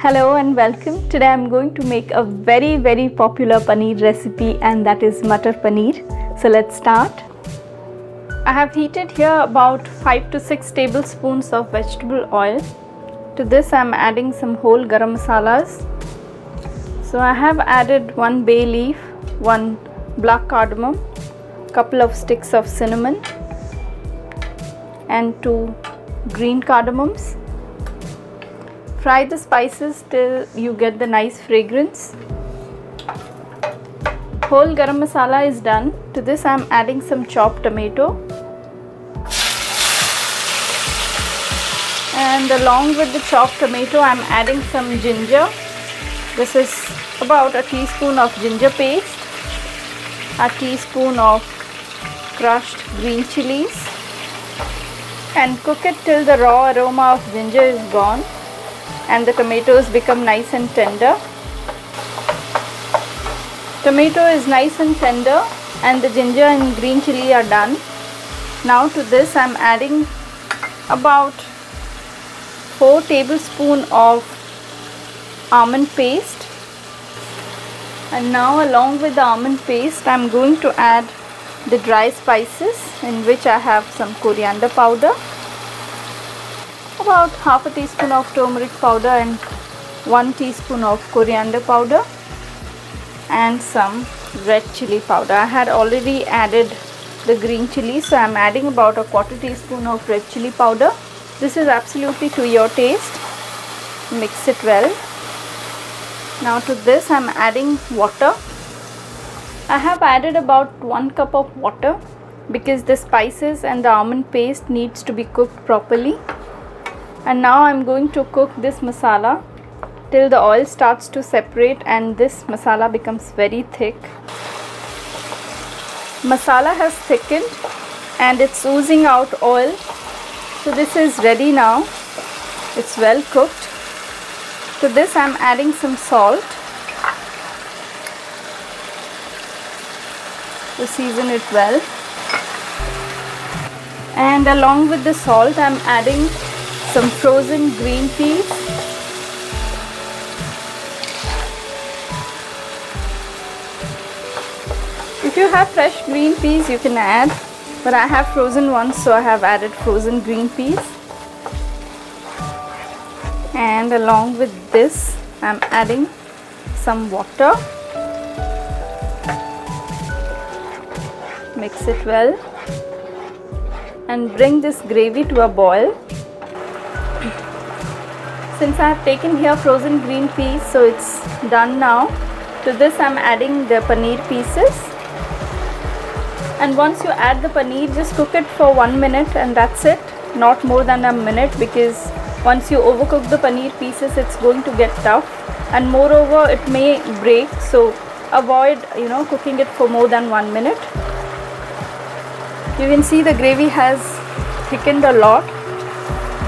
Hello and welcome. Today I'm going to make a very very popular paneer recipe and that is Matar Paneer. So let's start. I have heated here about 5 to 6 tablespoons of vegetable oil. To this I'm adding some whole garam masalas. So I have added one bay leaf, one black cardamom, couple of sticks of cinnamon and two green cardamoms Fry the spices till you get the nice fragrance. Whole garam masala is done. To this I am adding some chopped tomato. And along with the chopped tomato I am adding some ginger. This is about a teaspoon of ginger paste. A teaspoon of crushed green chilies and cook it till the raw aroma of ginger is gone and the tomatoes become nice and tender. Tomato is nice and tender and the ginger and green chili are done. Now to this I'm adding about 4 tablespoon of almond paste and now along with the almond paste I'm going to add the dry spices in which I have some coriander powder about half a teaspoon of turmeric powder and 1 teaspoon of coriander powder and some red chili powder. I had already added the green chili so I'm adding about a quarter teaspoon of red chili powder. This is absolutely to your taste. Mix it well. Now to this I'm adding water. I have added about 1 cup of water because the spices and the almond paste needs to be cooked properly and now I'm going to cook this masala till the oil starts to separate and this masala becomes very thick. Masala has thickened and it's oozing out oil. So this is ready now. It's well cooked. To this I'm adding some salt to season it well. And along with the salt I'm adding some frozen green peas, if you have fresh green peas you can add but I have frozen ones so I have added frozen green peas and along with this I'm adding some water mix it well and bring this gravy to a boil since I have taken here frozen green peas, so it's done now. To this I'm adding the paneer pieces. And once you add the paneer, just cook it for one minute and that's it. Not more than a minute because once you overcook the paneer pieces, it's going to get tough. And moreover, it may break, so avoid you know cooking it for more than one minute. You can see the gravy has thickened a lot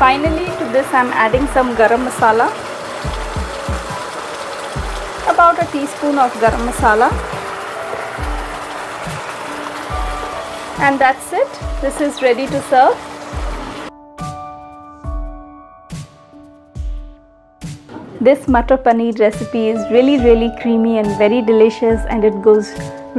Finally to this I am adding some garam masala. About a teaspoon of garam masala. And that's it. This is ready to serve. This matar paneer recipe is really really creamy and very delicious and it goes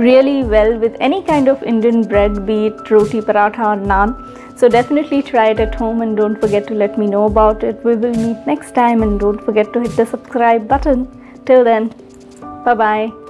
really well with any kind of Indian bread be it roti, paratha or naan. So definitely try it at home and don't forget to let me know about it. We will meet next time and don't forget to hit the subscribe button. Till then, bye bye.